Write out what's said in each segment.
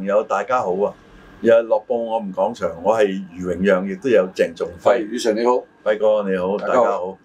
朋友大家好啊！又係樂報我哋講場，我係余榮讓，亦都有鄭仲輝。宇成你好，輝哥你好，大家好。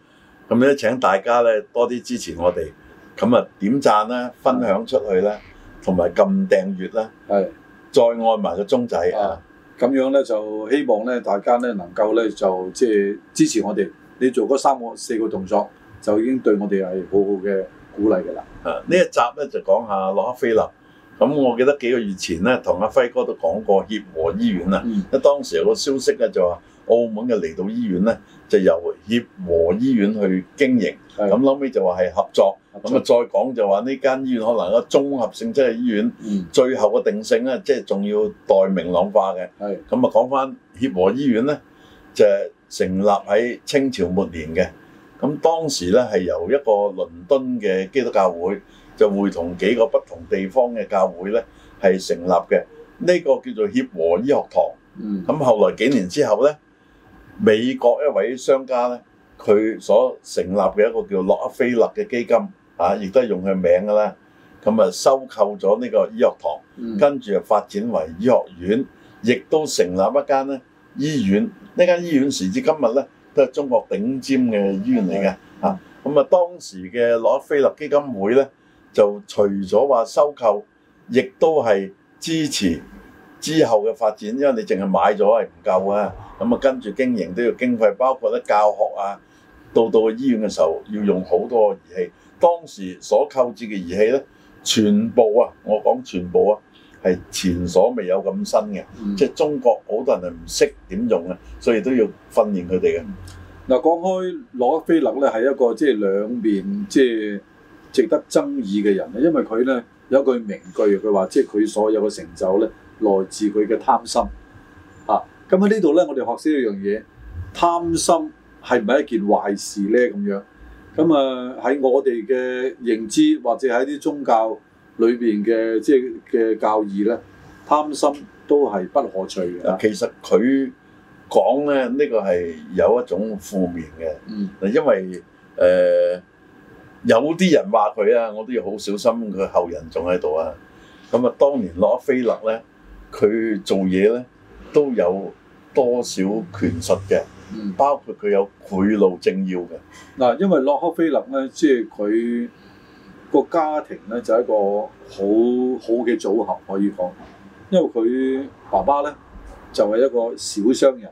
咁咧，請大家咧多啲支持我哋，咁啊點讚啦，分享出去啦，同埋撳訂閱啦，係是的 再按埋個鐘仔啊！咁樣咧就希望咧大家咧能夠咧就即係支持我哋。你做嗰三個四個動作，就已經對我哋係好好嘅鼓勵噶啦。啊，呢一集咧就講下洛克菲勒。咁我記得幾個月前咧，同阿輝哥都講過協和醫院啦。喺、嗯、當時有個消息咧就話，澳門嘅離島醫院咧就由協和醫院去經營。咁是後尾就話係合作。咁啊作再講就話呢間醫院可能一個綜合性，即係醫院，嗯、最後嘅定性啊，即係仲要待明朗化嘅。咁啊講翻協和醫院咧，就成立喺清朝末年嘅。咁當時咧係由一個倫敦嘅基督教會。就會同幾個不同地方嘅教會咧，係成立嘅呢、呢個叫做協和醫學堂。嗯，咁後來幾年之後咧，美國一位商家咧，佢所成立嘅一個叫洛克菲勒嘅基金，亦都係用佢名㗎啦。咁啊，收購咗呢個醫學堂，嗯、跟住就發展為醫學院，亦都成立一間咧醫院。呢間醫院時至今日咧，都係中國頂尖嘅醫院嚟嘅。咁啊，當時嘅洛克菲勒基金會咧。就除咗話收購，亦都係支持之後嘅發展，因為你淨係買咗係唔夠嘅，咁啊跟住經營都要經費，包括咧教學啊，到到去醫院嘅時候要用好多儀器，當時所購置嘅儀器咧，全部啊，我講全部啊，係前所未有咁新嘅，即係中國好多人係唔識點用啊，所以都要訓練佢哋嘅。嗱，講開洛克菲勒咧，係一個即係兩面即係，值得爭議嘅人咧，因為佢咧有一句名句，佢話即係佢所有嘅成就咧來自佢嘅貪心啊！咁喺呢度咧，我哋學識一樣嘢，貪心係唔係一件壞事咧？咁樣咁啊喺我哋嘅認知或者喺啲宗教裏邊嘅即係嘅教義咧，貪心都係不可取嘅。其實佢講咧呢、呢個係有一種負面嘅，嗱、嗯、因為誒。呃有啲人話佢啊，我都要好小心佢後人仲喺度啊。咁啊，當年洛克菲勒咧，佢做嘢咧都有多少權術嘅，包括佢有賄賂政要嘅。嗱、嗯，因為洛克菲勒咧，即係佢個家庭咧就係、一個好好嘅組合可以講，因為佢爸爸咧就係、是、一個小商人，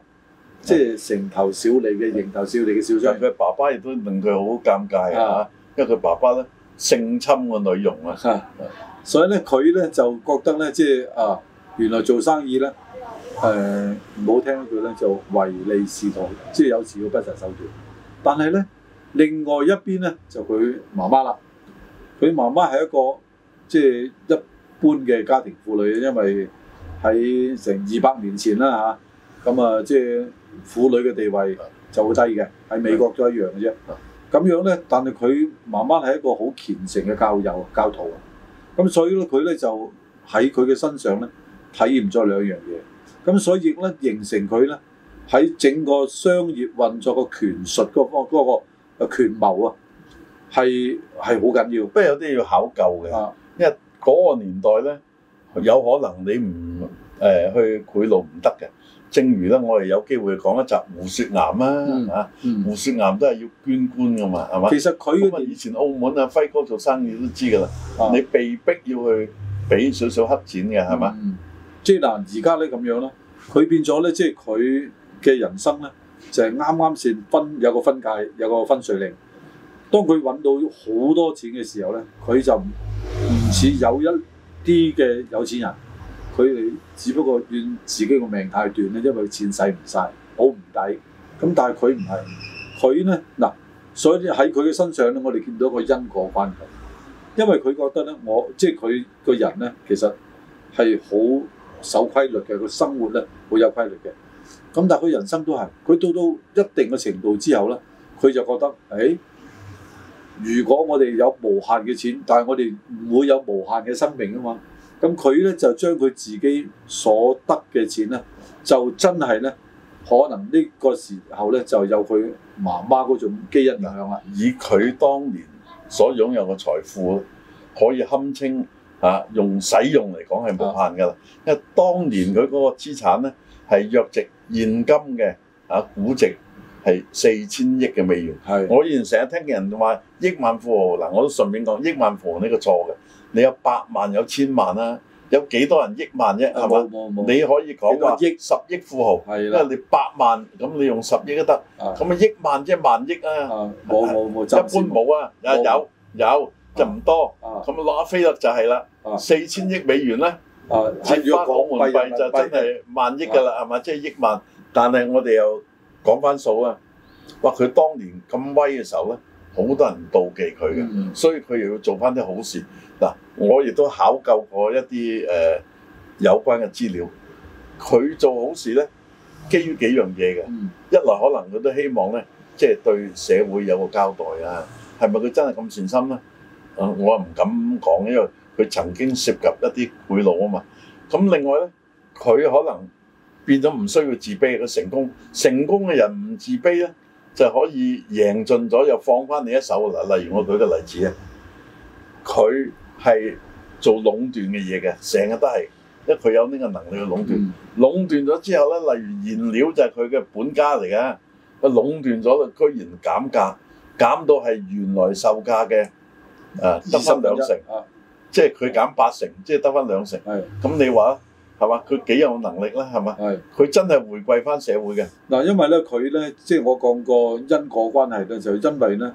即、就、係、是、成頭小利嘅營頭小利嘅小商人。佢、嗯、爸爸亦都令佢好尷尬嚇。嗯因為佢爸爸咧性侵個女傭啊，啊，所以咧佢咧就覺得咧即係啊，原來做生意咧誒唔好聽一句咧就唯利是圖，即係有時要不擇手段。但係咧另外一邊咧就佢媽媽啦，佢媽媽係一個即係、就是、一般嘅家庭婦女，因為喺成二百年前啦嚇，咁啊、嗯、啊即係婦女嘅地位就好低嘅，喺美國都一樣嘅啫。咁樣咧，但係佢媽媽係一個好虔誠嘅教友、教徒，咁所以咧，佢咧就喺佢嘅身上咧體驗咗兩樣嘢，咁所以咧形成佢咧喺整個商業運作嘅權、嗰個嗰個權術個方嗰個啊權謀啊，係係好緊要，不過有啲要考究嘅，的因為嗰個年代咧。有可能你唔誒、呃、去賄賂唔得嘅，正如咧我哋有機會講一集胡雪岩啊嚇，嗯、啊胡雪岩都係要捐官噶嘛，係嘛、嗯？是是其實佢以前澳門啊，輝哥做生意都知噶啦，啊、你被逼要去俾少少黑錢嘅係嘛？即係嗱，而家咧咁樣咧，佢變咗咧，即係佢嘅人生咧就係啱啱先分有個分界，有個分水嶺。當佢揾到好多錢嘅時候咧，佢就唔似有一。啲嘅有錢人，佢哋只不過怨自己個命太短咧，因為佢錢使唔晒，好唔抵。咁但係佢唔係，佢咧嗱，所以喺佢嘅身上咧，我哋見到一個因果關係。因為佢覺得咧，我即係佢個人咧，其實係好守規律嘅，個生活咧好有規律嘅。咁但係佢人生都係，佢到到一定嘅程度之後咧，佢就覺得誒。哎如果我哋有無限嘅錢，但係我哋唔會有無限嘅生命啊嘛。咁佢咧就將佢自己所得嘅錢咧，就真係咧，可能呢個時候咧就有佢媽媽嗰種基因影響啦。以佢當年所擁有嘅財富，可以堪稱啊，用使用嚟講係無限㗎啦。因為當年佢嗰個資產咧係約值現金嘅啊估值。係四千億嘅美元。係，我以前成日聽人話億萬富豪，嗱，我都順便講億萬富豪呢個錯嘅。你有百萬有千萬啦，有幾多人億萬啫？係嘛？冇冇冇。你可以講話億十億富豪，因為你百萬咁，你用十億都得。咁啊，億萬即係萬億啊。冇冇冇，一般冇啊。啊有有就唔多。咁啊，洛克菲勒就係啦。四千億美元咧，折入港門幣就真係萬億噶啦，係嘛？即係億萬。但係我哋又。講翻數啊！哇，佢當年咁威嘅時候咧，好多人妒忌佢嘅，嗯、所以佢又要做翻啲好事嗱。我亦都考究過一啲誒、呃、有關嘅資料，佢做好事咧，基於幾樣嘢嘅。嗯、一來可能佢都希望咧，即係對社會有個交代啊。係咪佢真係咁善心咧？啊，我又唔敢講，因為佢曾經涉及一啲賄賂啊嘛。咁另外咧，佢可能。變咗唔需要自卑，佢成功成功嘅人唔自卑咧，就可以贏盡咗，又放翻你一手啦。例如我舉個例子咧，佢係、嗯、做壟斷嘅嘢嘅，成日都係，因為佢有呢個能力去壟斷。嗯、壟斷咗之後咧，例如燃料就係佢嘅本家嚟嘅，佢壟斷咗，居然減價，減到係原來售價嘅誒，得、呃、翻兩成，啊、即係佢減八成，即係得翻兩成。咁的你話？係佢幾有能力咧？係嘛？佢是真係回饋翻社會嘅。嗱，因為咧，佢咧，即係我講過因果關係嘅時候，因為咧，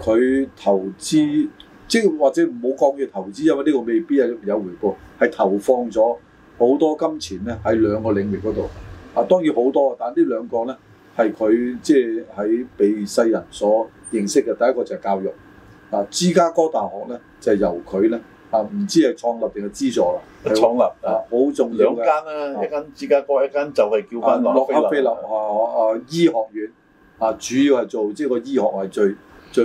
佢投資，即係或者唔好講佢投資，因為呢個未必係有回報，係投放咗好多金錢咧，喺兩個領域嗰度。啊，當然好多，但係呢兩個咧，係佢即係喺被世人所認識嘅。第一個就係教育，啊，芝加哥大學咧，就係由佢咧。啊，唔知係創立定係資助啦？創立啊，好重要嘅兩間啦，一間芝加哥，一間就係叫翻洛克菲勒，菲勒啊啊醫學院啊，主要係做即係個醫學係最最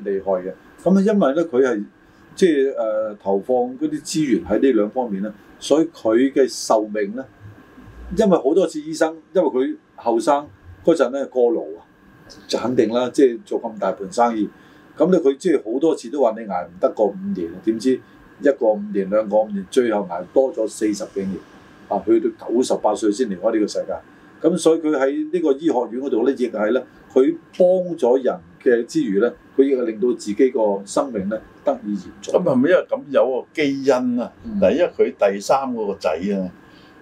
厲害嘅。咁啊他呢，因為咧佢係即係誒投放嗰啲資源喺呢兩方面咧，所以佢嘅壽命咧，因為好多次醫生，因為佢後生嗰陣咧過勞啊，就肯定啦，即係做咁大盤生意，咁咧佢即係好多次都話你挨唔得過五年，點知？一個五年，兩個五年，最後捱多咗四十幾年，啊，去到九十八歲先離開呢個世界。咁所以佢喺呢個醫學院嗰度咧，亦係咧，佢幫咗人嘅之餘咧，佢亦係令到自己個生命咧得以延續。咁係咪因為咁有個基因啊？嗱，因為佢第三嗰個仔啊，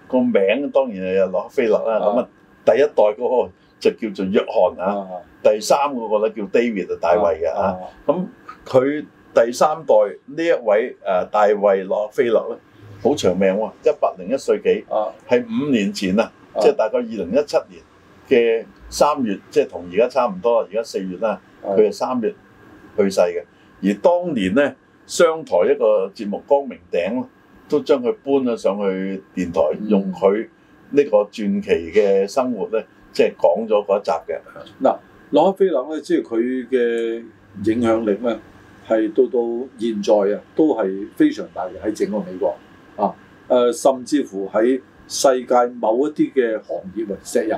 個名當然係洛克菲勒啦。咁啊，第一代個就叫做約翰是啊，啊第三個個咧叫 David 大衛嘅啊。咁佢、啊。嗯第三代呢一位誒、呃，大衛諾菲勒，大衛洛克菲勒咧，好長命喎，一百零一歲幾，係、啊、五年前啦，即係、啊、大概二零一七年嘅三月，即係同而家差唔多，而家四月啦，佢係三月去世嘅。而當年咧，商台一個節目《光明頂》都將佢搬咗上去電台，嗯、用佢呢個傳奇嘅生活咧、就是嗯，即係講咗嗰一集嘅。嗱，洛克菲勒咧，即係佢嘅影響力咧。係到到現在啊，都係非常大嘅，喺整個美國啊，誒、呃、甚至乎喺世界某一啲嘅行業石油，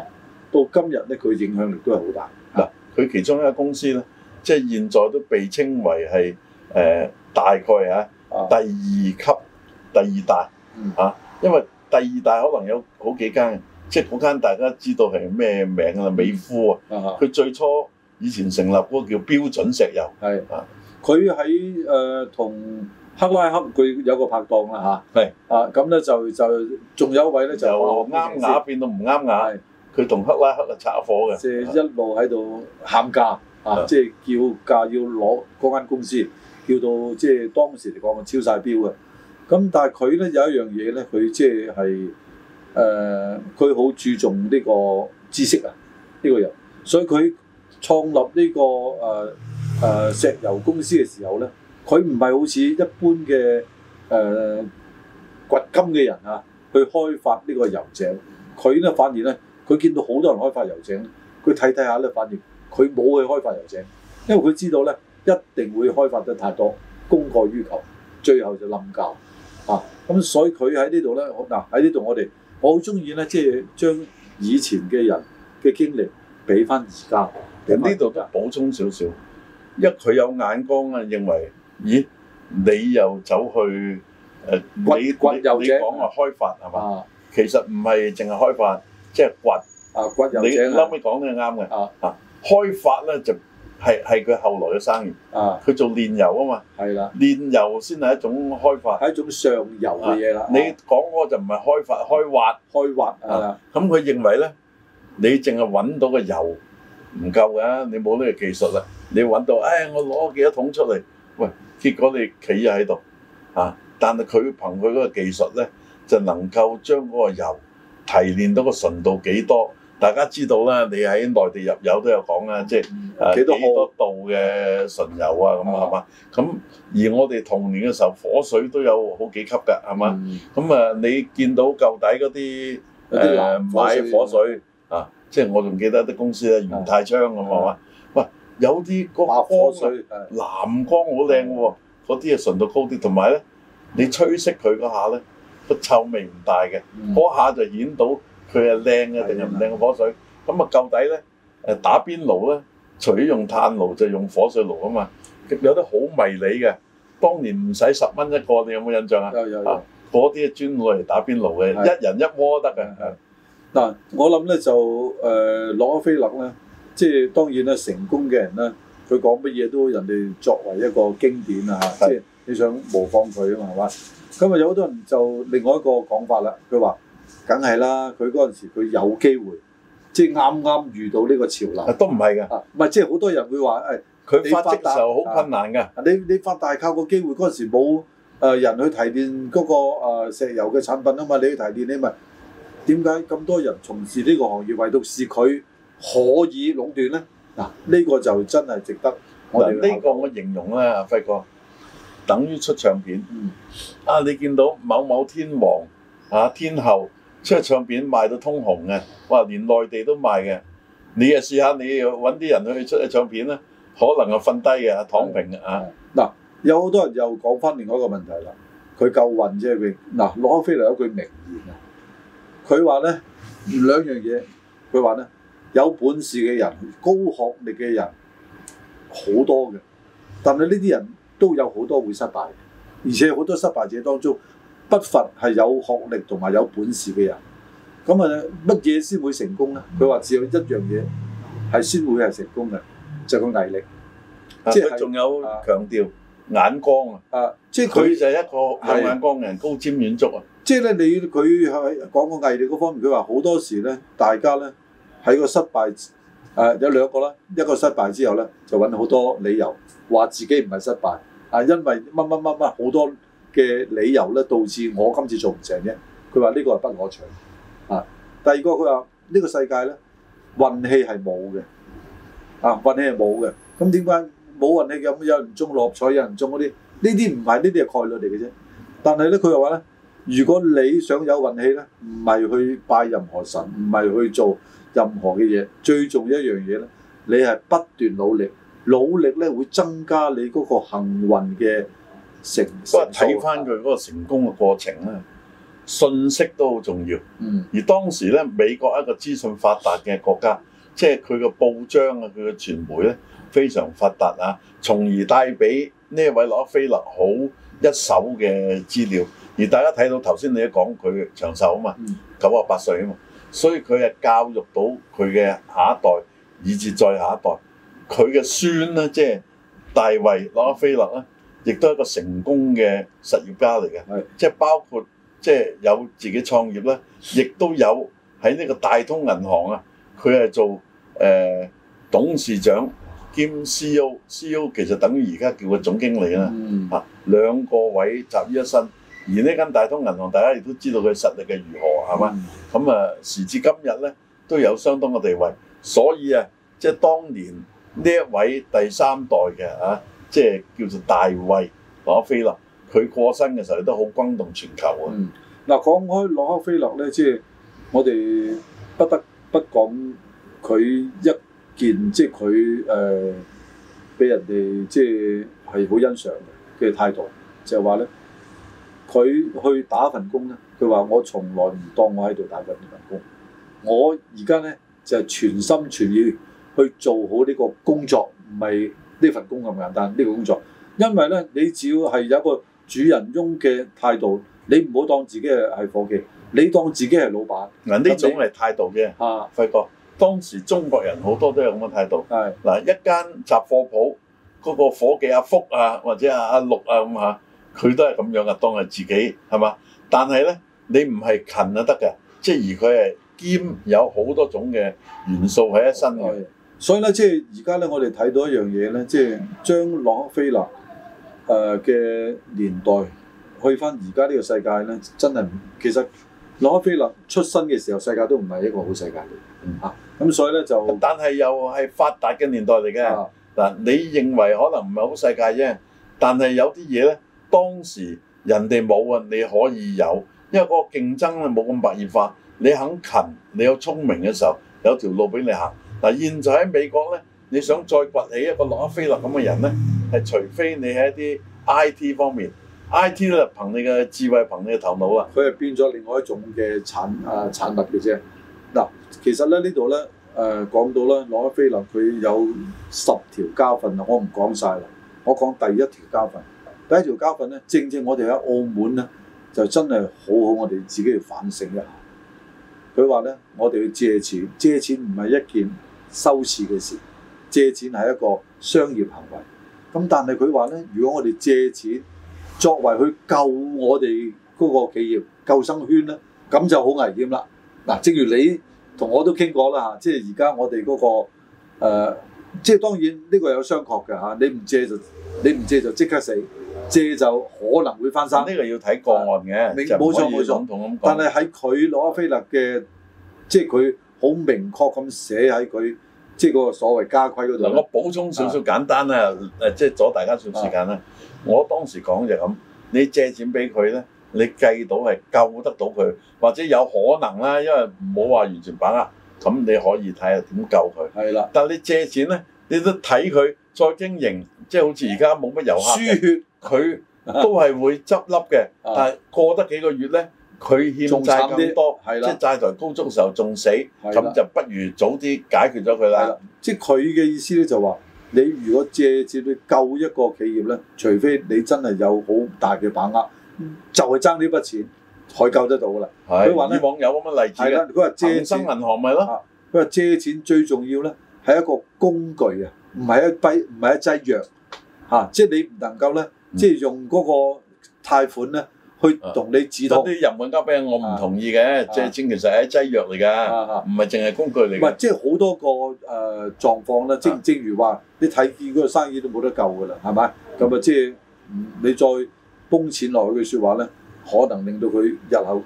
到今日咧，佢影響力都係好大。嗱、啊，佢其中一個公司咧，即係現在都被稱為係、呃、大概啊，啊第二級第二大、啊嗯、因為第二大可能有好幾間，即係嗰間大家知道係咩名啦，美孚啊，佢最初以前成立嗰個叫標準石油係啊。啊佢喺誒同克拉克佢有一個拍檔啦嚇，係啊咁咧是、啊、就就仲有一位咧就啱牙變到唔啱牙，佢同克拉克啊拆夥嘅，即係一路喺度喊價是啊，即係叫價要攞嗰間公司，叫到即係、就是、當時嚟講啊超晒標嘅。咁但係佢咧有一樣嘢咧，佢即係誒佢好注重呢個知識啊呢、呢個人，所以佢創立呢、呢個誒。呃誒、呃、石油公司嘅時候咧，佢唔係好似一般嘅誒掘金嘅人啊，去開發呢個油井。佢咧反而咧，佢見到好多人開發油井，佢睇睇下咧，反而佢冇去開發油井，因為佢知道咧一定會開發得太多，供過於求，最後就冧價啊！咁所以佢喺呢度咧，嗱喺呢度我哋，我好中意咧，即係將以前嘅人嘅經歷俾翻而家，咁呢度都係補充少少。因為佢有眼光啊，認為咦，你又走去誒，你你你講話開發係嘛？啊，其實唔係淨係開發，即係掘啊掘油者。後屘講嘅係啱嘅啊，開發咧就係係佢後來嘅生意啊。佢做煉油啊嘛，係啦，煉油先係一種開發，係一種上游嘅嘢啦。你講嗰個就唔係開發開挖，開挖啊。咁佢認為咧，你淨係揾到個油唔夠㗎，你冇呢個技術啦。你揾到，誒，我攞幾多桶出嚟？喂，結果你企喺度，嚇！但係佢憑佢嗰個技術咧，就能夠將嗰個油提煉到個純度幾多？大家知道啦，你喺內地入油都有講啦，即係幾多度嘅純油啊？咁啊，係嘛？咁而我哋童年嘅時候，火水都有好幾級嘅，係嘛？咁啊，你見到舊底嗰啲誒買火水啊？即係我仲記得啲公司啊，元泰昌咁係嘛。有啲個火水，水藍光好靚喎，嗰啲係純度高啲，同埋咧你吹熄佢嗰下咧，個臭味唔大嘅，嗰、嗯、下就演到佢係靚嘅定係唔靚嘅火水。咁啊夠底咧，誒打邊爐咧，除咗用炭爐就用火水爐啊嘛，有啲好迷你嘅，當年唔使十蚊一個，你有冇印象啊？有有有、啊，嗰啲專攞嚟打邊爐嘅，的一人一鍋得嘅。嗱的的，我諗咧就誒洛克菲勒咧。即係當然啦，成功嘅人咧，佢講乜嘢都人哋作為一個經典啊！的即係你想模仿佢啊嘛，係嘛？咁啊有好多人就另外一個講法啦。佢話：梗係啦，佢嗰陣時佢有機會，即係啱啱遇到呢個潮流。都唔係㗎，唔係即係好多人會話誒，佢、哎、發大，好困難㗎。你你發大靠個機會嗰陣時冇誒人去提煉嗰個石油嘅產品啊嘛，你去提煉你咪點解咁多人從事呢個行業，唯獨是佢？可以壟斷咧嗱，呢個就真係值得我哋呢個我形容咧，輝哥等於出唱片。嗯啊，你見到某某天王啊天后出唱片賣到通紅嘅，哇！連內地都賣嘅。你又試下，你搵啲人去出唱片咧，可能又瞓低嘅，躺平嘅啊。嗱，有好多人又講翻另外一個問題啦。佢夠運啫，佢洛克菲勒有句名言啊。佢話咧兩樣嘢，佢話咧。有本事嘅人、高學歷嘅人好多嘅，但係呢啲人都有好多會失敗，而且好多失敗者當中不乏係有學歷同埋有本事嘅人。咁啊，乜嘢先會成功咧？佢話只有一樣嘢係先會係成功嘅，就係、個毅力。啊、即係是仲有強調、啊、眼光啊！啊，即係佢就係一個有眼光嘅人，哎、呀高瞻遠矚。啊！即係咧，你佢喺講個毅力嗰方面，佢話好多時咧，大家咧。喺個失敗誒有兩個啦，一個失敗之後咧就揾好多理由話自己唔係失敗啊，因為乜乜乜乜好多嘅理由咧導致我今次做唔成啫。佢話呢個係不可取啊。第二個佢話呢個世界咧運氣係冇嘅啊，運氣係冇嘅。咁點解冇運氣嘅？咁有人中六合彩有人中嗰啲呢啲唔係呢啲係概率嚟嘅啫。但係咧佢又話咧，如果你想有運氣咧，唔係去拜任何神，唔係去做。任何嘅嘢，最重要嘅一樣嘢咧，你係不斷努力，努力咧會增加你嗰個幸運嘅成。因睇翻佢嗰個成功嘅過程咧，嗯、信息都好重要。嗯，而當時咧，美國一個資訊發達嘅國家，即係佢個報章啊，佢個傳媒咧非常發達啊，從而帶俾呢位洛菲勒好一手嘅資料。而大家睇到頭先你講佢長壽啊嘛，九啊八歲啊嘛。所以佢係教育到佢嘅下一代，以至再下一代，佢嘅孫咧，即、就、係、是、大衛洛克菲勒咧，亦都係一個成功嘅實業家嚟嘅。係即係包括即係有自己創業咧，亦都有喺呢個大通銀行啊，佢係做誒、呃、董事長兼 CEO、CEO 其實等於而家叫個總經理啦。嗯啊兩個位集於一身。而呢間大通銀行，大家亦都知道佢實力嘅如何，係嘛、嗯？咁啊、嗯嗯，時至今日咧，都有相當嘅地位。所以啊，即係當年呢一位第三代嘅啊，即係叫做大衛洛克菲勒，佢過身嘅時候也都好轟動全球啊。嗱、嗯，講、啊、開洛克菲勒咧，即、就、係、是、我哋不得不講佢一件，即係佢誒俾人哋即係係好欣賞嘅態度，就係話咧。佢去打份工咧，佢話：我從來唔當我喺度打緊呢份工。我而家咧就係、全心全意去做好呢個工作，唔係呢份工咁簡單呢、呢個工作。因為咧，你只要係有一個主人翁嘅態度，你唔好當自己係係伙計，你當自己係老闆。嗱，呢種係態度嘅。啊的，輝哥，當時中國人好多都有咁嘅態度。係嗱的，的一間雜貨鋪嗰個伙計阿、啊、福啊，或者阿阿陸啊咁嚇、啊。佢都係咁樣嘅，當係自己係嘛？但係咧，你唔係勤啊得嘅，即係而佢係兼有好多種嘅元素喺一身內、嗯。所以咧，即係而家咧，我哋睇到一樣嘢咧，即係將洛克菲勒誒嘅年代去返而家呢個世界咧，真係唔其實洛克菲勒出生嘅時候，世界都唔係一個好世界嚟。咁、嗯啊嗯、所以咧就，但係又係發達嘅年代嚟嘅嗱。你認為可能唔係好世界啫，但係有啲嘢咧。當時人哋冇啊，你可以有，因為嗰個競爭咧冇咁白熱化。你肯勤，你有聰明嘅時候，有條路俾你行。嗱，現在喺美國咧，你想再崛起一個洛克菲勒咁嘅人咧，係除非你喺一啲 IT 方面，IT 都係憑你嘅智慧，憑你嘅頭腦啊。佢係變咗另外一種嘅產啊產物嘅啫。嗱，其實咧呢度咧誒講到咧洛克菲勒，佢有十條教訓啊，我唔講晒啦，我講第一條教訓。第一條教訓咧，正正我哋喺澳門咧，就真係好好我哋自己去反省一下。佢話咧，我哋要借錢，借錢唔係一件羞恥嘅事，借錢係一個商業行為。咁但係佢話咧，如果我哋借錢作為去救我哋嗰個企業救生圈咧，咁就好危險啦。嗱，正如你同我都傾過啦嚇，即係而家我哋嗰、那個、呃即係當然呢個有商榷嘅嚇，你唔借就你唔借就即刻死，借就可能會翻生。呢個要睇個案嘅，冇錯冇錯。錯但係喺佢洛克菲勒嘅，即係佢好明確咁寫喺佢即係嗰個所謂家規嗰度。我補充少少簡單啦，誒即係阻大家少時間啦。的我當時講就係咁，你借錢俾佢咧，你計到係救得到佢，或者有可能啦，因為唔好話完全把握。咁你可以睇下點救佢，係啦的。但你借錢咧，你都睇佢再經營，即係好似而家冇乜遊客。輸血佢都係會執笠嘅。 但係過得幾個月咧，佢欠債咁多，的即係債台高築嘅時候仲死。咁的就不如早啲解決咗佢啦。的即係佢嘅意思咧，就話你如果借錢去救一個企業咧，除非你真係有好大嘅把握，就係爭呢筆錢。海救得到噶啦，佢話啲網友乜乜例子咧？佢話借錢銀行咪咯？佢話借錢最重要咧，係一個工具啊，唔係一弊，唔係一劑藥嚇。即你唔能夠咧，即用嗰個貸款咧，去同你指導。啲人本交俾我唔同意嘅，借錢其實係一劑藥嚟㗎，唔係淨係工具嚟。唔係即好多個誒狀況咧，正唔正如話你睇見嗰個生意都冇得救㗎啦，係咪？咁啊，即你再崩錢落去嘅説話咧。可能令到佢日後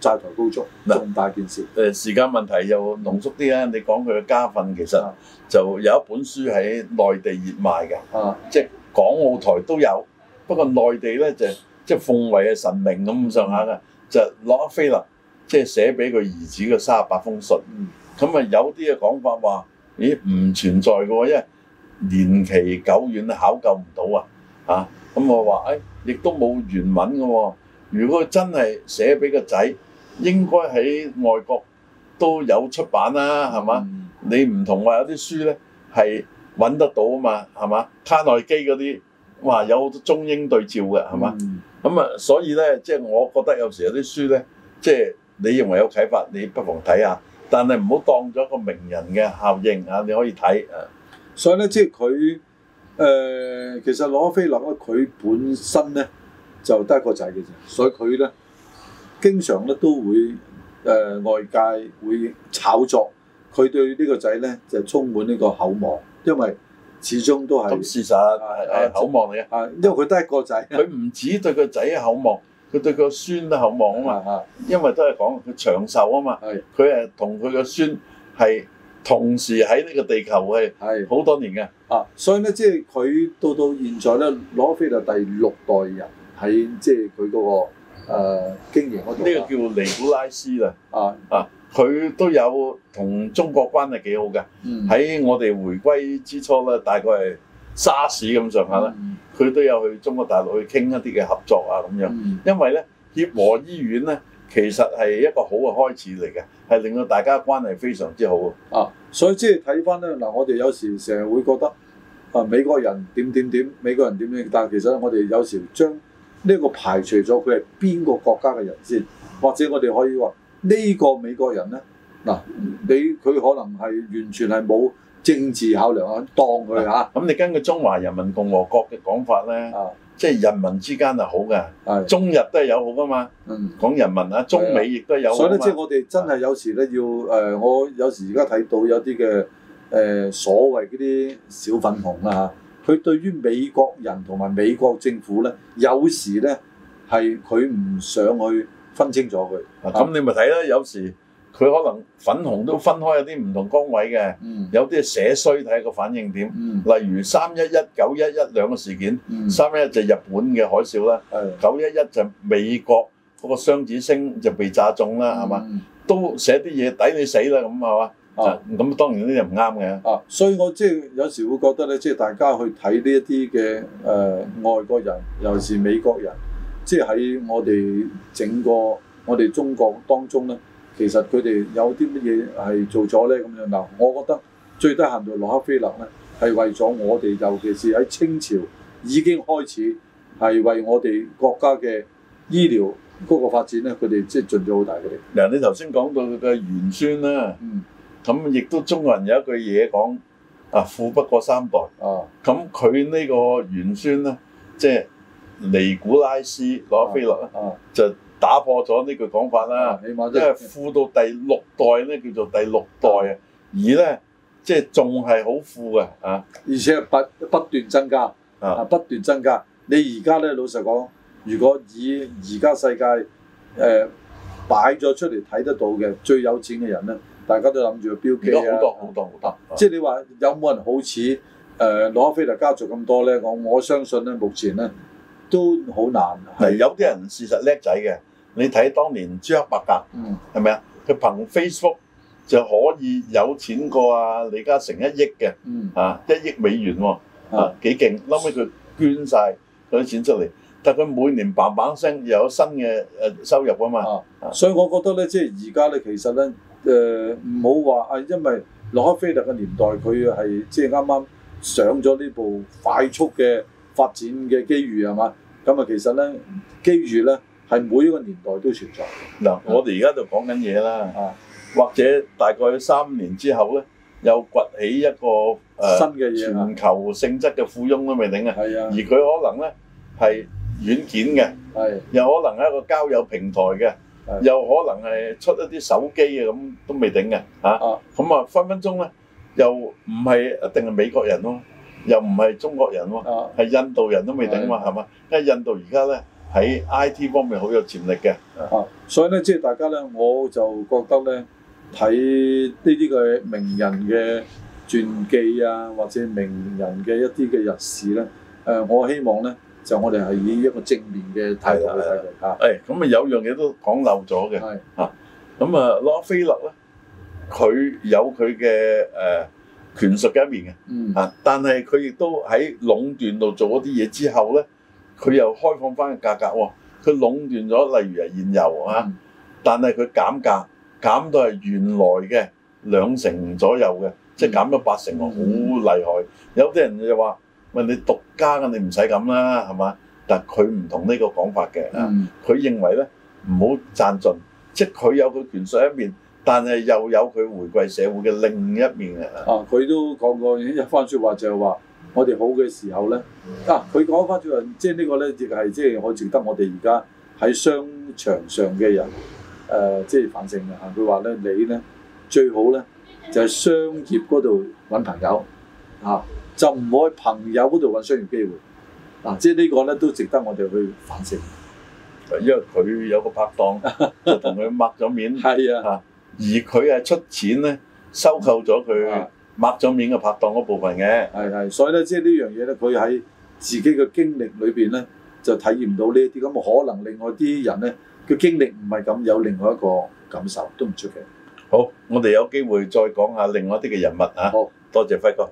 債台高築，重大件事。誒時間問題又濃縮啲啊！你講佢嘅家訓其實就有一本書喺內地熱賣嘅，uh huh. 即係港澳台都有。不過內地咧就即、是、係、就是、奉為嘅神明咁上下嘅，就落一飛洛克菲勒啦，即、就、係、是、寫俾佢兒子嘅三十八封信。咁、嗯、啊有啲嘅講法話，咦唔存在嘅喎，因為年期久遠考究唔到啊嚇。咁我話誒，亦、哎、都冇原文嘅喎。如果真係寫俾個仔，應該喺外國都有出版啦，係、嗯、嘛？你唔同話有啲書咧係揾得到啊嘛，係嘛？卡內基嗰啲話有好多中英對照嘅，係嘛？咁啊、嗯嗯，所以咧，即係我覺得有時有啲書咧，即係你認為有啟發，你不妨睇下，但係唔好當咗個名人嘅效應啊，你可以睇啊。所以咧，即係佢誒，其實洛克菲勒，佢本身咧。就得一個仔嘅啫，所以佢咧經常咧都會誒、呃、外界會炒作，佢對這個呢個仔咧就充滿呢個厚望，因為始終都係事實，係係厚望嚟嘅。啊、因為佢得一個仔，佢唔止對個仔厚望，佢對個孫都厚望啊嘛，係啊因為都係講佢長壽啊嘛，佢誒同佢個孫係同時喺呢個地球嘅，係好、啊、多年嘅啊，所以咧即係佢到到現在咧，洛菲就第六代人。喺即係佢嗰個誒、呃、經營呢個叫尼古拉斯啦。啊啊，佢、啊、都有同中國關係幾好嘅。喺、嗯、我哋回歸之初咧，大概係沙士 r 咁上下啦，佢、嗯、都有去中國大陸去傾一啲嘅合作啊咁樣。嗯、因為咧協和醫院咧，其實係一個好嘅開始嚟嘅，係令到大家關係非常之好啊。所以即係睇翻咧，嗱、呃、我哋有時成日會覺得啊美國人點點點，美國人點點，但係其實我哋有時將呢個排除咗佢係邊個國家嘅人先，或者我哋可以話呢個美國人咧，嗱、啊、你佢可能係完全係冇政治考量他啊，當佢嚇咁，你根據中華人民共和國嘅講法咧，啊、即係人民之間係好嘅，係的中日都係友好噶嘛，嗯的，講人民啊，中美亦都有，所以咧即係我哋真係有時咧要誒的、呃，我有時而家睇到有啲嘅誒所謂嗰啲小粉紅啦、啊、嚇。佢對於美國人同埋美國政府咧，有時咧係佢唔想去分清楚佢。咁、啊、係嘛？你咪睇啦，有時佢可能粉紅都分開有啲唔同崗位嘅，有啲係寫衰睇個反應點。嗯、例如三一一九一一兩個事件，三一一就日本嘅海嘯啦，九一一就美國嗰個雙子星就被炸中啦，係嘛、嗯？都寫啲嘢抵你死啦咁係嘛？咁、啊、當然呢啲就唔啱嘅。啊，所以我即係有時會覺得咧，即係大家去睇呢一啲嘅誒外國人，尤其是美國人，即係喺我哋整個我哋中國當中咧，其實佢哋有啲乜嘢係做咗咧？咁樣嗱，我覺得最低限度洛克菲勒咧，係為咗我哋，尤其是喺清朝已經開始係為我哋國家嘅醫療嗰個發展咧，佢哋、嗯、即係盡咗好大嘅力。嗱，你頭先講到佢嘅元酸啦、啊。嗯。咁亦都中國人有一句嘢講，啊，富不過三代。啊，咁佢呢個玄孫咧，即、就、係、是、尼古拉斯洛克菲勒咧，啊啊、就打破咗呢句講法啦。啊，起碼就是、因為富到第六代咧，叫做第六代啊，而咧即係仲係好富嘅啊，而且不不斷增加啊，不斷增加。啊、增加，你而家咧老實講，如果以而家世界誒、呃、擺咗出嚟睇得到嘅最有錢嘅人咧。大家都諗住去標記好多好多好多，即係你話有冇人好似誒洛克菲勒家族咁多咧？我我相信咧，目前咧都好難。嗱、嗯，是有啲人事實叻仔嘅，你睇當年朱克伯格，係咪啊？佢憑 Facebook 就可以有錢過啊李嘉誠一億嘅，嗯、啊一億美元喎、啊，嗯、啊幾勁！後屘佢捐晒嗰啲錢出嚟，但佢每年棒棒聲又有新嘅誒收入啊嘛。啊啊所以我覺得咧，即係而家咧，其實咧。誒唔好話啊，因為洛克菲勒嘅年代他是，佢係即係啱啱上咗呢部快速嘅發展嘅機遇係嘛？咁啊，其實咧機遇咧係每一個年代都存在。嗱，我哋而家就講緊嘢啦啊，或者大概三年之後咧，又崛起一個誒、呃、新嘅嘢、啊、全球性質嘅富翁都未定啊。係啊，而佢可能咧係軟件嘅，係又可能係一個交友平台嘅。又可能係出一啲手機啊，咁都未頂嘅嚇。咁啊，分分鐘咧，又唔係一定係美國人咯、啊，又唔係中國人喎、啊，係、啊、印度人都未頂嘛，係嘛、啊？因為印度而家咧喺 IT 方面好有潛力嘅、啊。所以咧，即係大家咧，我就覺得咧，睇呢啲嘅名人嘅傳記啊，或者名人嘅一啲嘅日誌咧，誒，我希望咧。就我哋係以一個正面嘅態度嚟，睇佢嚇，咁啊有樣嘢都講漏咗嘅嚇，咁的啊洛、呃、菲勒咧，佢有佢嘅誒權術嘅一面嘅嚇、嗯啊，但係佢亦都喺壟斷度做嗰啲嘢之後咧，佢又開放翻個價格喎，佢、哦、壟斷咗例如啊現油、嗯、啊，但係佢減價減到係原來嘅兩成左右嘅，嗯、即係減咗八成喎好厲、嗯、害！有啲人就話。你獨家嘅你唔使咁啦，係嘛？但佢唔同呢個講法嘅，佢、嗯、認為咧唔好賺盡，即係佢有佢權術一面，但係又有佢回饋社會嘅另一面嘅。啊，佢都講過一番説話，就係話我哋好嘅時候咧，啊，佢講翻出嚟，即係呢個咧亦係即係我覺得我哋而家喺商場上嘅人，誒，即係反省啊！佢話咧你咧最好咧就係商業嗰度揾朋友啊。就唔好喺朋友嗰度搵商業機會，嗱、啊，即、就、係、是、呢個咧都值得我哋去反省，因為佢有個拍檔，同佢抹咗面，係 啊，啊，而佢啊出錢咧收購咗佢抹咗面嘅拍檔嗰部分嘅，係係、啊啊，所以咧即係呢樣嘢咧，佢喺自己嘅經歷裏邊咧就體驗到呢一啲，咁可能另外啲人咧佢經歷唔係咁有另外一個感受，都唔出奇。好，我哋有機會再講下另外一啲嘅人物啊，好多謝輝哥。